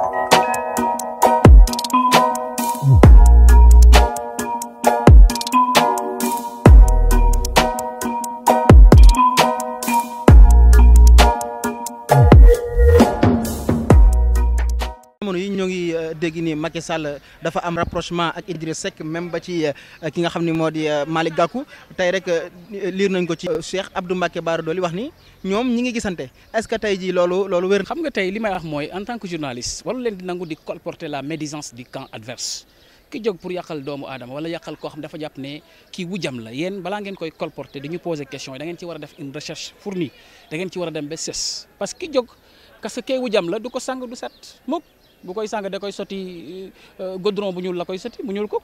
Thank you. ni Macky Sall dafa am rapprochement ak Idriss Seck même ba ci euh, ki nga xam ne moo di euh, Malick Gakou tey rek euh, liir nañ ko ci Cheikh Abdou Mbacké Bara Dolly wax ni ñoom ñi ngi gisante est-ce que tey jii loolu loolu wér xam nga tey li may wax mooy en tant que journaliste waru leen di nangu di colporter la médisance du camp adverse ki jóg pour yàqal doomu aadama wala yàqal koo xam dafa jàpp ne kii wujjam la yéen balaa ngeen koy colporter di ñu poser question a bu koy sàng da koy sotti euh, goudron bu ñuul la koy sotti mu ñuul kook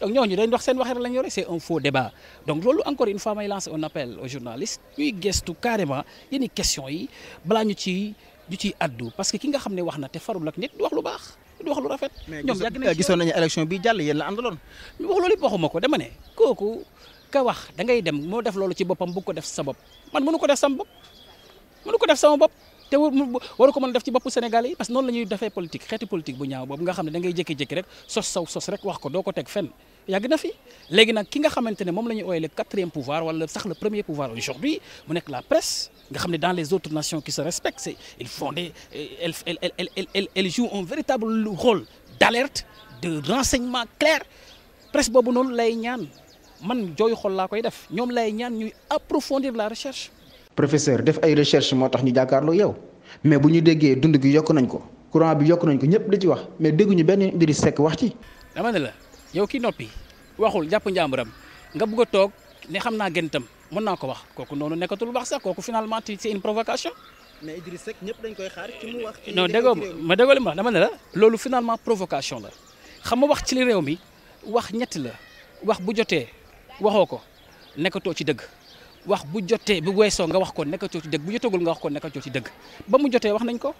donc ñooñu dañ wax seen waxeer lañ yore c'est un faux débat donc loolu encore une fois may lancer un appel aux journalistes ñuy gestu carrément yenn question yi balaa ñu ci ñu ciy addu parce que ki nga xam ne wax na te faru ak nit du wax lu baax du wax lu rafet. ñoom yàgg nañu gisoon nañu élection bi jàll yéen la àndaloon. ñu wax loolu waxuma ko dama ne kooku ka wax da ngay dem moo def loolu ci boppam bu ko def sa bopp man mënu ko def sama bopp mënu ko def sama bopp. te war ko mën def ci bopp Sénégal yi parce que noonu la ñuy defee politique xeeti politique bu ñaaw boobu nga xam ne da ngay jékki rek sos saw sos rek wax ko doo ko teg fenn yàgg na fi léegi nag ki nga xamante ne moom la ñuy ooyee le quatrième pouvoir wala sax le premier pouvoir aujourd'hui mu nekk la presse nga xam ne dans les autres nations qui se respectent c'est ils font des euh, elles elles elles elles jouent un véritable rôle d'alerte de renseignement clair presse boobu noonu lay ñaan man jooyu xol laa koy def ñoom lay ñaan ñuy approfondir la recherche professeur def ay recherche moo tax ñu jàkkaarloo yow mais bu ñu déggee dund gi yokk nañ ko courant bi yokk nañ ko ñëpp da ci wax mais dégguñu benn Idriss Seck wax ci. dama ne la yow ki noppi waxul jàpp njàmburam nga bëgg a toog ne xam naa gëntam mën naa ko wax kooku noonu nekkatul wax sax kooku finalement c'est une provocation. mais Idriss Seck ñëpp dañ koy xaar ci mu wax. non déggoo ma déggoo li ma dama ne la. loolu finalement provocation la xam nga wax ci li réew mi wax ñetti la wax bu jotee waxoo ko nekkatoo ci dëgg. wax bu jotee bu weesoo nga wax ko nekkatoo ci dëgg bu jotagul nga wax ko nekkatoo ci dëgg ba mu jotee wax nañ ko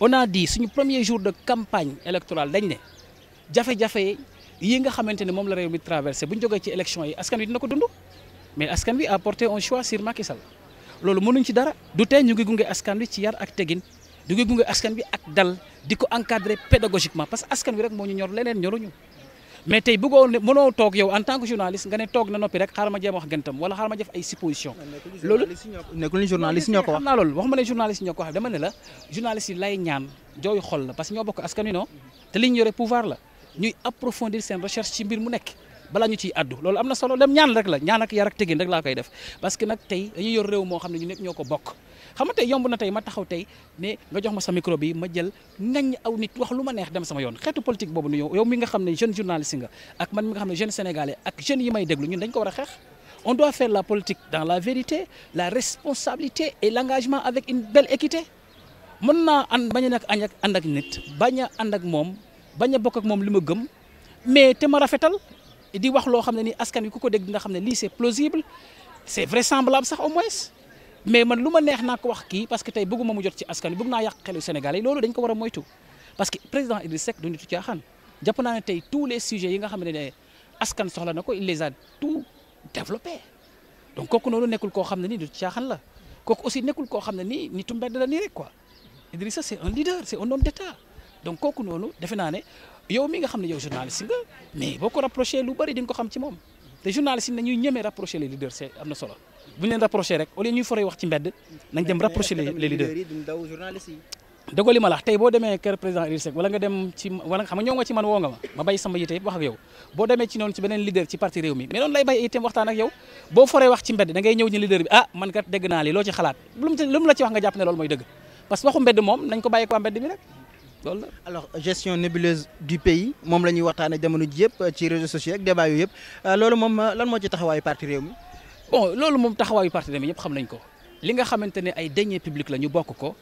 on a suñu premier jour de campagne électorale dañ ne jafe-jafe yi nga xamante ne moom la réew mi traversé bu ñu jógee ci élection yi askan wi dina ko dund mais askan wi a porté un choix sur Macky Sall loolu mënuñ ci dara du tey ñu ngi gunge askan wi ci yar ak tegin du ngi gunge askan wi ak dal di ko encadrer pédagogiquement parce que askan wi rek moo ñu ñor leneen ñoruñu mais tey bëggoo ne mënoo toog yow en tant que journaliste nga ne toog na noppi rek xaaral ma jéem wax gëntam wala xaaral ma def ay supposition loolu nekkul ni journaliste ñoo ko wax naa loolu ne journaliste ñoo ko wax dama ne la journaliste yi lay ñaan jooy xol la parce que ñoo bokk askan wi non te li ñu yore la ñuy approfondir seen recherche ci mbir mu nekk bala ñu ciy addu loolu am na solo dem ñaan rek la ñaan ak yar ak tegin rek laa koy def parce que nag tey dañuy yor réew moo xam ne ñu nekk ñoo ko bokk xam nga tey yomb na tey ma taxaw tey ne nga jox ma sa micro bi ma jël ngañ aw nit wax lu ma neex dem sama yoon xeetu politique boobu nu yow mi nga xam ne jeune journaliste nga ak man mi nga xam ne jeune sénégalais ak jeunes yi may déglu ñun dañ ko war a xeex on doit faire la politique dans la vérité la responsabilité et l'engagement avec une belle équité mën naa ànd bañ a nekk ànd ak ànd ak nit bañ a ànd ak moom bañ a bokk ak moom li ma gëm mais te ma rafetal di wax loo xam ne ni askan wi ko dégg dina xam ne lii c'est plausible c'est vraisemblable sax au moins mais man lu ma neex naa ko wax kii parce que tey bëgguma mu jot ci askan wi bëgg naa yàq xelu Sénégalais loolu dañ ko war a moytu parce que président Idriss Seck du nitu caaxaan jàpp naa ne tey tous les sujets yi nga xam ne askan soxla na ko il les a tout développé donc kooku noonu nekkul koo xam ne ni du caaxaan la kooku aussi nekkul koo xam ne nii nitu mbedd la nii c'est un leader c'est noonu defe naa ne yow mi nga xam ne yow journaliste nga mais boo ko rapproché lu bëri di nga ko xam ci moom te journaliste yi nañuy ñemee rapproché les leaders c'est am na solo bu ñu leen rapproché rek au lieu ñuy foree wax ci mbedd nañ ñëw ñu leader bi ah man kat dégg naa li loo ci xalaat lu mu la ci wax nga jàpp ne loolu mooy dëgg parce que waxu mbedd moom nañ ko bàyyi ko mbedd bi rek loolu la alors gestion nébuleuse du pays moom la ñuy waxtaanee jamono ji yëpp ci réseaux sociaux ak débat yu yëpp euh, loolu moom euh, lan moo ci taxawaayu parti loolu moom taxawaayu parti réew yëpp xam nañ ko li nga xamante ne ay deniers publics la ñu bokk ko.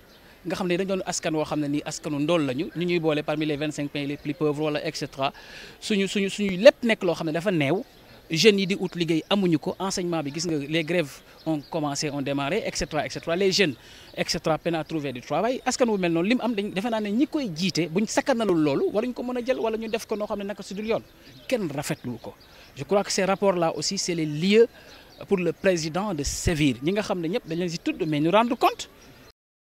nga xam ne dañ doon askan woo xam ne nii askanu ndool lañu ñu ñuy boole parmi les vingt cinq pays les plus pauvres wala et cetera suñu suñu suñu lépp nekk loo xam ne dafa neew jeune yi di ut liggéey amuñu ko enseignement bi gis nga les grèves ont commencé ont démarré et cetera et cetera les jeunes et cetera peine à trouver du travail askan wu mel noonu li mu am dañ defe naa ne ñi koy jiite buñ sakkanalul loolu waruñ ko mën a jël wala ñu def ko noo xam ne naka su dul yoon kenn rafetlu ko je crois que ces rapports là aussi c'est les lieux pour le président de sévir ñi nga xam ne ñëpp dañ leen si tudd mais ñu rendre compte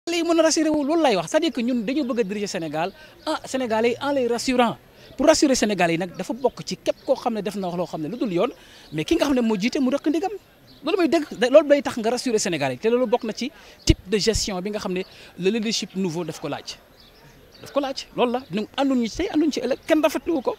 lay mën a r wu loolu lay wax c'est-à-dire dañu bëgg a diriger Sénégal ah Sénégalais en les rassurant pour rassurer Sénégal yi nag dafa bokk ci képp koo xam ne def na wax xam ne lu dul yoon mais ki ne moo jiite mu rëq ndigam loolu mooy dëgg loolu day tax nga rassurer Sénégal yi te loolu bokk na ci type de gestion bi nga xam ne le leadership nouveau daf ko laaj daf ko laaj loolu la ñu ànduñu ci tey ci ëllëg kenn rafetlu ko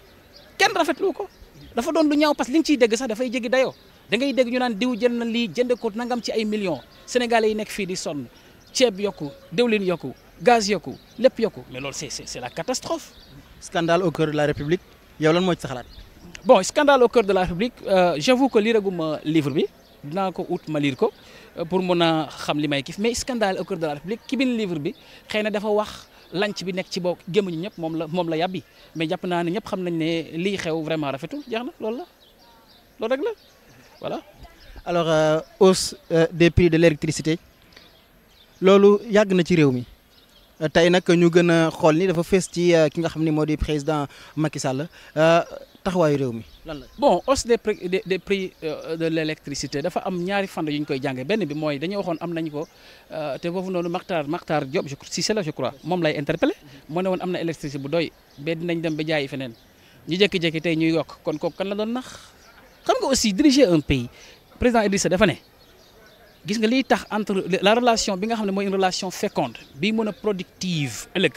kenn rafetlu ko dafa doon lu ñaaw parce que li nga ciy dégg sax dafay jéggi dayoo da ngay dégg ñu naan diw jël na lii jënd ko nangam ci ay millions sénégalais yi nekk fii di sonn ceeb yokku déwlin yokku gaz yokku lépp yokku mais loolu c'est c'est la catastrophe scandale au cœur de la république yow lan moo ci sa bon scandale au cœur de la république euh, ko que liiraguma livre bi dinaa ko ut ma liir ko euh, pour mën a xam li may kif mais scandale au cœur de la république ki livre bi xëy na dafa wax lanc bi nekk ci book gémmuñu ñëpp moom la moom la yàbbi mais jàpp naa ne ñëpp xam nañ ne lii xew vraiment rafetul jeex na loolu la loolu rek la voilà. alors euh, hausse euh, euh, des prix de l'électricité loolu yàgg na ci réew mi. tey nag ñu gën a xool ni dafa fees ci euh, ki nga xam ni moo di président Macky Sall euh, taxawaayu réew mi lan la. bon hausse des prix des prix euh, de l' dafa am ñaari fan yu ñu koy jàngee benn bi mooy dañoo waxoon am nañu ko te foofu noonu Makhtar Makhtar Diop je si c'est là moom lay interpellé moo ne woon am na électricité bu doy ba dinañ dem ba jaayi feneen ñu jékki-jékki tey ñuy yokk kon kooku kan la doon nax xam nga aussi diriger un pays président Idrissa dafa ne. gis nga liy tax entre la relation bi nga xam ne mooy une relation féconde bi mën a productive ëllëg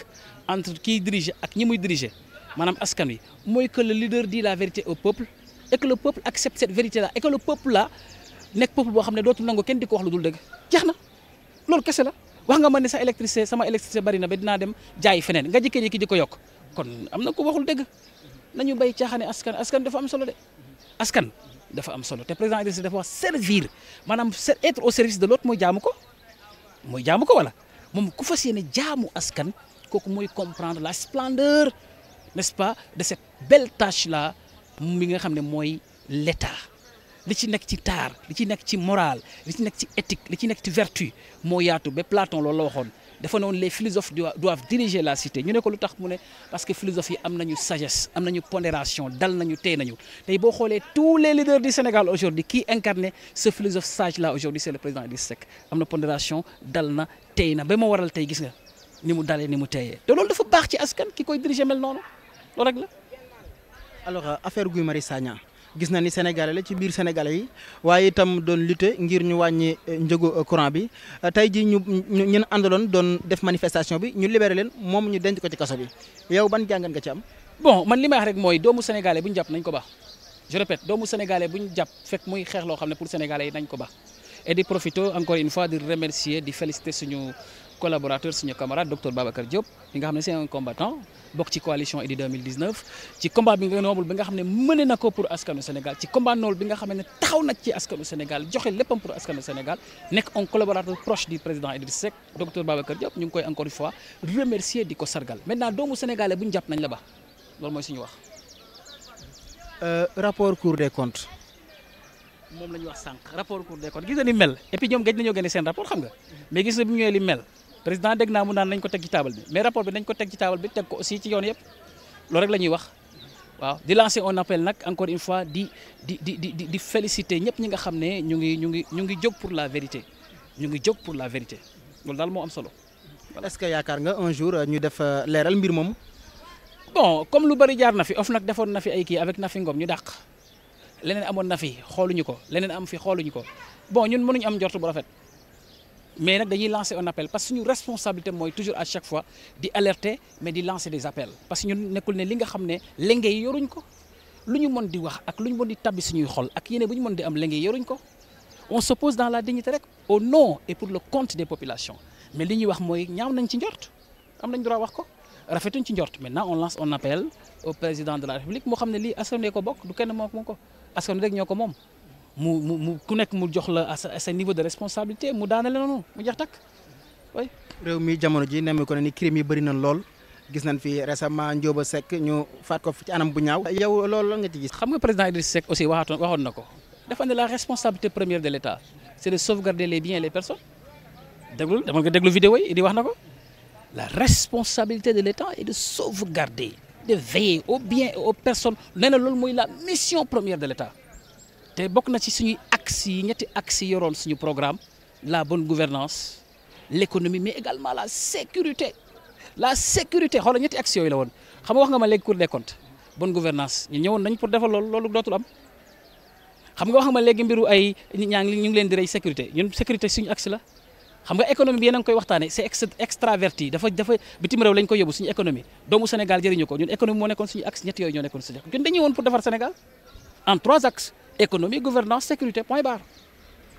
entre kiy diriger ak ñi muy diriger maanaam askan wi mooy que le leader dit la vérité au peuple et que le peuple accepte cette vérité là et que peuple là nekk peuple boo xam ne dootul nangu kenn di ko wax lu dul dëgg jeex na loolu kese la wax nga man ne sa électricité sama électricité bari na ba dinaa dem jaay feneen nga jékki-jékki di ko yokk kon am na ko waxul dëgg nañu bay caaxaane askan askan dafa am solo askan dafa am solo te président Idrissa dafa wax servir maanaam être au service de l'autre mooy jaamu ko mooy jaamu ko wala moom ku fas yéene jaamu askan kooku mooy comprendre la splendeur n'est-ce pas de cette belle tâche là mi nga xam ne mooy l'État li ci nekk ci taar li ci nekk ci morale li ci nekk ci éthique li ci nekk ci vertu moo yaatu ba Platon loolu la waxoon dafa noonu les philosophes doivent diriger la cité ñu ne lu tax mu ne parce que philosophie am nañu sagesse am nañu pondération dal nañu tey nañu tey boo xoolee tous les leaders du Sénégal aujourd'hui qui incarne ce philosophe sage là aujourd'hui c'est le président Idrissa Seck am na pondération dal na tey na ba ma waral tey gis nga ni mu dalee ni mu teeyee te loolu dafa baax ci askan ki koy diriger mel noonu loolu alors euh, affaire Guy Marius Sagna gis na ni sénégalais la ci biir sénégalais yi waaye itam doon lutter ngir ñu wàññi eh, njëgu eh, courant bi eh, tey ji ñu ñun àndaloon doon def manifestation bi ñu libéré leen moom ñu denc ko ci kaso bi yow ban jàngat nga ci am. bon man li may rek mooy doomu sénégalais bu jàpp nañ ko ba je répète doomu sénégalais bu ñu jàpp fekk muy xeex loo xam ne pour sénégalais yi nañ ko ba et di profiter encore une fois di remercier di féliciter suñu collaborateur suñu camarade docteur Babacar Diop bi nga xam ne c'est combattant bokk ci coalition Idy 2019 ci combat bi nga xam ne mëne pour askanu Sénégal ci combat noble bi nga xam ne taxaw nag ci askanu Sénégal joxe léppam pour askanu Sénégal nekk un collaborateur proche du président Idriss Seck docteur Babacar Diop ñu ngi koy encore une fois remercier di ko sargal maintenant doomu sénégalais bu ñu nañ la ba loolu mooy suñu wax. Euh, rapport cour des comptes. président dégg naa mu naa nañ ko teg ci table bi mais rapport bi nañ ko teg ci table bi teg ko aussi ci yoon yëpp loolu rek la ñuy wax waaw di lancé un appel nag encore une fois di di di di di féliciter ñëpp ñi nga xam ne ñu ngi ñu ngi ñu ngi jóg pour la vérité ñu ngi jog pour la vérité loolu daal moo am solo. est-ce que yaakaar nga un jour euh, ñu def euh, leeral mbir moom bon comme lu bari jaar na fi of nag defoon na fi ay kii avec Nafi ngoom ñu dàq leneen amoon na fi xooluñu ko leneen am fi xooluñu ko bon ñun mënuñu am njort bu rafet. mais nag dañuy lancer un appel parce que suñu responsabilité mooy toujours à chaque fois di alerter mais di lancer des appels parce que ñun nekkul ne li nga xam ne lenge yi yoruñ ko lu ñu mën di wax ak lu ñu mën di tabbi suñuy xol ak yéene bu ñu moon di am lenge yi yoruñ ko on se pose dans la dignité rek au nom et pour le compte des populations mais li ñuy wax mooy ñaaw nañ ci njort am nañ droit wax ko rafetuñ ci njort maintenant on lance un appel au président de la république moo ko bokk du kenn moo ko askan rek ñoo ko moom mu mu mu ku nekk mu jox la a sa niveau de responsabilité mu daanale noonu mu jeex takk oui. réew mi jamono ji nemmi ko ne ni crime yi bëri na lool gis nañ fi récemment Ndioba Seck ñu faat ko ci anam bu ñaaw. yow loolu la nga ci gis. xam nga président Idriss Seck aussi waxaatoon waxoon na ko dafa ne la responsabilité première de l' État c' est de sauvegarder les biens et déglu dama nga wax na ko la responsabilité de l' État est de sauvegarder de veiller aux biens et loolu mooy la mission première de létat te bokk na ci suñuy axes yi ñetti axes yi yoroon suñu programme la bonne gouvernance l'économie mais également la sécurité la sécurité xoolal ñetti axes yooyu la woon xam nga wax nga ma léegi Cour des comptes ñu ñëwoon nañ pour defal loolu loolu dootul am xam nga wax nga léegi mbiru ay nit ñaa ngi ñu ngi leen dire rey sécurité ñun sécurité suñu axe la xam nga économie bi yéen a ngi koy waxtaanee c'est extraverti dafa dafa bitim réew lañ koy yóbbu suñu économie doomu Sénégal jëriñu ko ñun économie moo nekkoon suñu axe ñetti yooyu ñoo nekkoon suñu axe ñun dañuy woon pour defar Sénégal en trois économie gouvernance sécurité point barre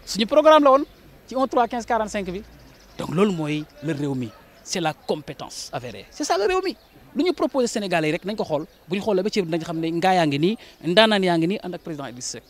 suñu programme la woon ci 1 3 15 cinq bi donc loolu mooy la réew mi c' est la compétence avérée c' est ça la réew lu ñu proposé Sénégalais yi rek nañ ko xool bu ñu xoolee ba ci nañ xam ne ngaa yaa ngi ni ndaanaan yaa ngi ni ànd ak président Idriss Seck